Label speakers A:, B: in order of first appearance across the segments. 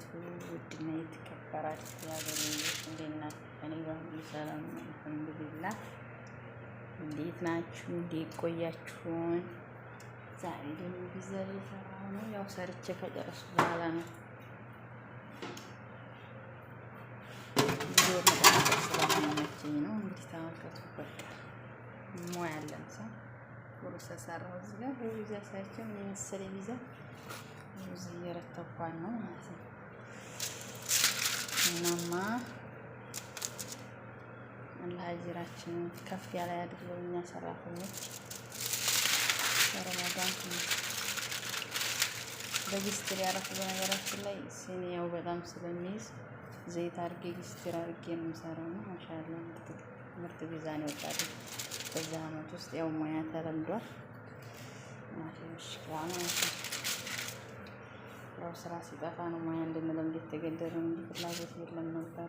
A: ወበረካቱሁ ውድና የተከበራችሁ የሀገሬ ልጆች እንዴት ናችሁ? እኔ በሁሉ ሰላም ነው አልሐምዱሊላህ። እንዴት ናችሁ? እንዴት ቆያችሁን? ዛሬ ደግሞ ቢዘር የሰራ ነው። ያው ሰርቼ ከጨረሱ በኋላ ነው ዞር መጠናቀቅ ስላልመቸኝ ነው። እንግዲህ ተመልከቱ። በቃ ሞያ ሰው ሩዝ ተሰራሁ እዚህ ጋር በቢዛ ሰርቼ ምን የመሰለ ቢዛ ሩዝ እየረተኳን ነው ማለት ነው ማማ አላህ አጅራችንን ከፍ ያለ ያድርገው። እኛ ሰራተኞች በረመዳን በጊስትር ያረፉ በነገራችን ላይ ሲኒ ያው በጣም ስለሚይዝ ዘይት አርጌ ጊስትር አርጌ የምሰራው ነው። ማሻላ ምርጥ ቢዛን ይወጣል። በዛ አመት ውስጥ ያው ሙያ ተለምዷል። ማሽ ሽክላ ማለት ነው። የምንሞክረው ስራ ሲጠፋ ነው። ሙያ እንድንለምድ የተገደድን እንጂ ፍላጎት የለም ነበር።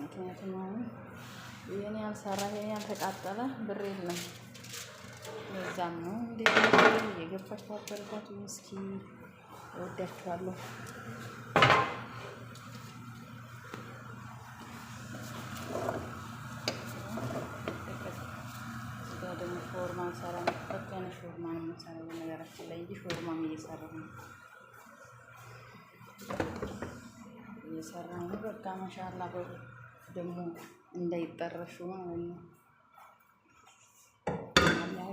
A: ምክንያቱም አሁን የኔ ያልሰራ የኔ ያልተቃጠለ ብር የለም። ለዛም ነው እንደ የገባችሁ አበረታቱ። እስኪ እወዳችኋለሁ። ሾርማ ሰራ ነው። ሾርማ ነው የምንሰራው። ነገራችን ላይ እንጂ ሾርማም እየሰራ ነው። እየሰራ ነው። በቃ ማሻላ ደግሞ እንዳይጠረሹ ማለት ነው። አላህ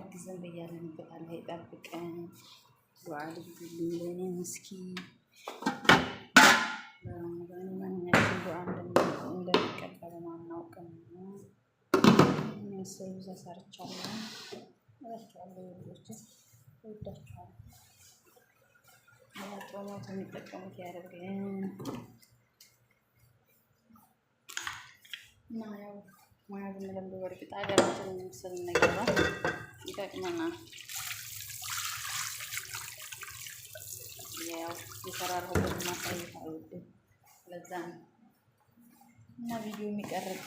A: ይጠብቀን። ዱዓ አድርጉልኝ ለእኔ ምስኪ በረመዳን ማንኛችን ዱዓ እንደሚቀበል ማናውቅም። ሰው ዘሰርቻለሁ እላቸዋለሁ። ወዶችን እወዳቸዋለሁ። ጸሎት የሚጠቀሙት ያደርገን ሙያው ሙያ ብንለምደው በእርግጥ ሀገራችንን ስንገባ ይጠቅመናል። ያው የሰራሁበት ማሳየት አልወድም፣ ለዛ ነው እና ቪዲዮ የሚቀርብ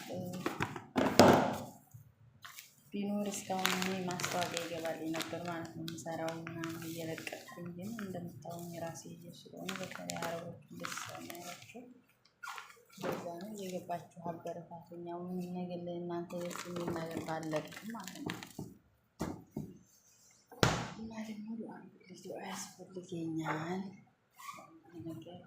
A: ቢኖር እስካሁን እኔ ማስታወቂያ ይገባልኝ ነበር ማለት ነው። የምሰራው እና እየለቀቅኩኝ ግን እንደምታውኝ ራሴ እየ ስለሆነ በተለይ አረቦቹ ደስ በዛ ነው እየገባችሁ አበረታተኛ ምን ነገር ለእናንተ ደስ የሚል ነገር ባለቅም ማለት ነው። እና ደግሞ ልጅ ያስፈልገኛል ነገር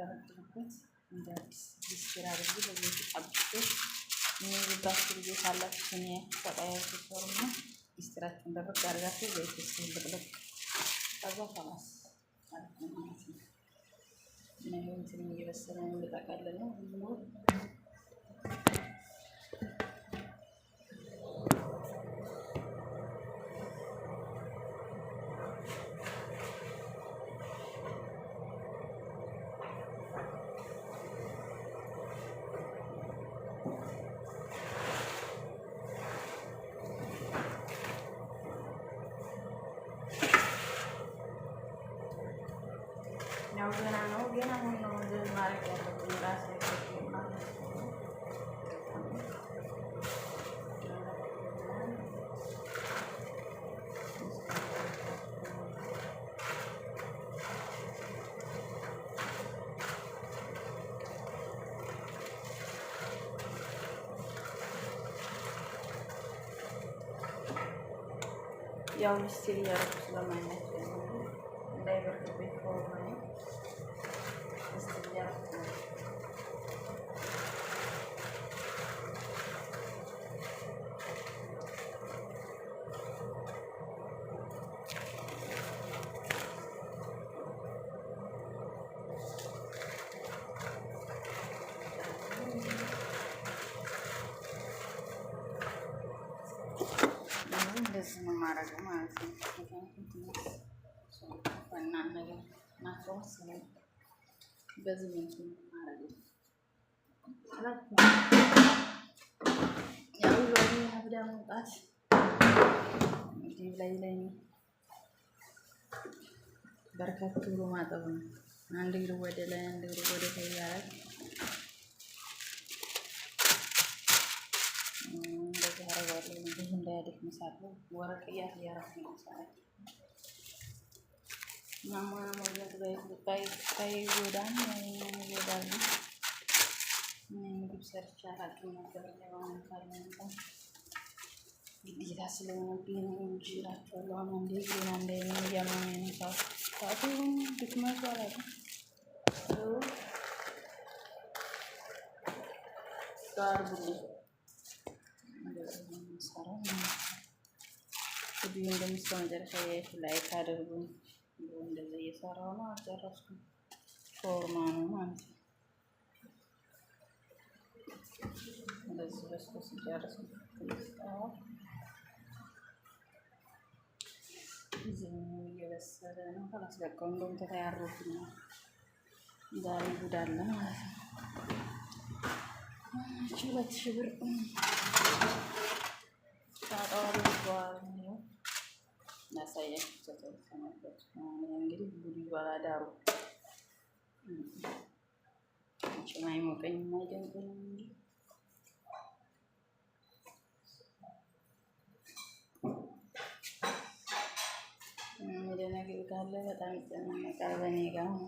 A: የምትደረድሩበት እንደ አዲስ ዲስኪራ በዚህ ተጣብቁ የሚይዙባችሁ ልጆች አላችሁ። ስኒ ተቃያ ሲሰሩ ና ዲስኪራችሁን ደረግ አድርጋችሁ ዘይት ስ ልቅልቅ ከዛ ከማስ ማለት ነው ማለት ነው እና ይህንትን እየበሰለ ነው ነው ሁሉ அப்படியே நான் ஏன்னா முன்ன እንደዚህ ነው የማደርገው ማለት ነው። ምክንያቱም ነገር ናቸው መሰለኝ በዚህ መልኩ የማደርገው ያው ሎሚ አብዳ መውጣት እንግዲህ ላይ ላይ በርከት ብሎ ማጠብ ነው። አንድ እግር ወደ ላይ፣ አንድ እግር ወደ ታች ያደግ መሳሉ ወረቀ ያያራት መሳሉ ማማ ማለት ባይ ባይ ባይ ጎዳን ወይ ጎዳን ምን ምግብ ሰርቻ አላቂ ነገር ለማን ካልመጣ ግዴታ ስለሆነ ቢሆን እንጂ እላቸዋለሁ። አሁን እንዴ ዜና እንደ እያማኝ ነው። ሰው ሰዓቱ ይሁን ድክመቱ አላውቅም። ጋር ብሉ የምሰራው። ቪዲዮ እንደምስለው መጨረሻ ያያችሁ ላይክ አድርጉ። እንደዚህ እየሰራው ነው፣ አልጨረስኩም። ሾርማ ነው ማለት ነው። እንደዚህ በስቶ ሲጨርስ እየበሰለ ነው። ከላስለቀው እንደውም ተተያሩብኝ ዛሬ ጉዳለ ማለት ነው። ሁለት ሺህ ብር dua Adam. Hmm. Cuma Macam mana mau kain ini? Hmm, jadi nak ikut kalau tak ada nama kalau ni kamu.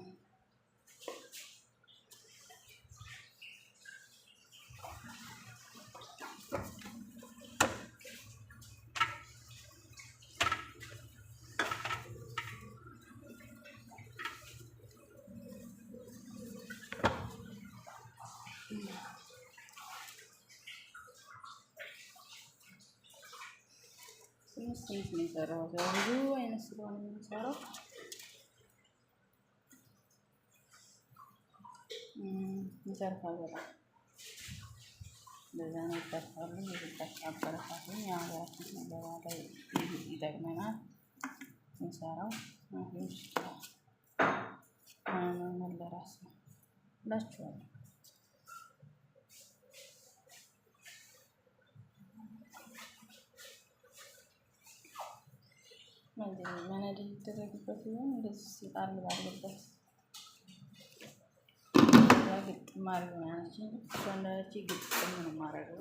A: ትንሽ ነው የሰራሁት። ብዙ አይነት ስለሆነ የምንሰራው ይተርፋል። በጣም በዛ ነው ይተርፋሉ። የዝቃቸው አበረታቱን የሀገራችን ገባ ላይ ይጠቅመናል ስንሰራው ይችላል። ለራስ ነው እላችኋለሁ። ምንድነው መነድ ይደረግበት ይሆን? እንደዚህ ሲጣል ባለበት ግጥም አድርገናል። እሷ እንዳለች ግጥም ነው የማደርገው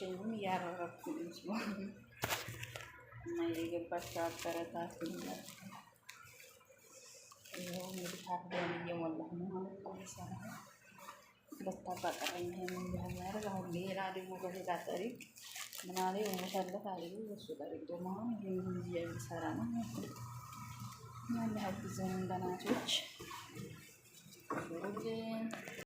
A: ብቻዬን እያረረኩ ስለሆነ እና የገባቸው አበረታት እንግዲህ እየሞላሁ ነው ሌላ ደግሞ በሌላ ጠሪቅ ነው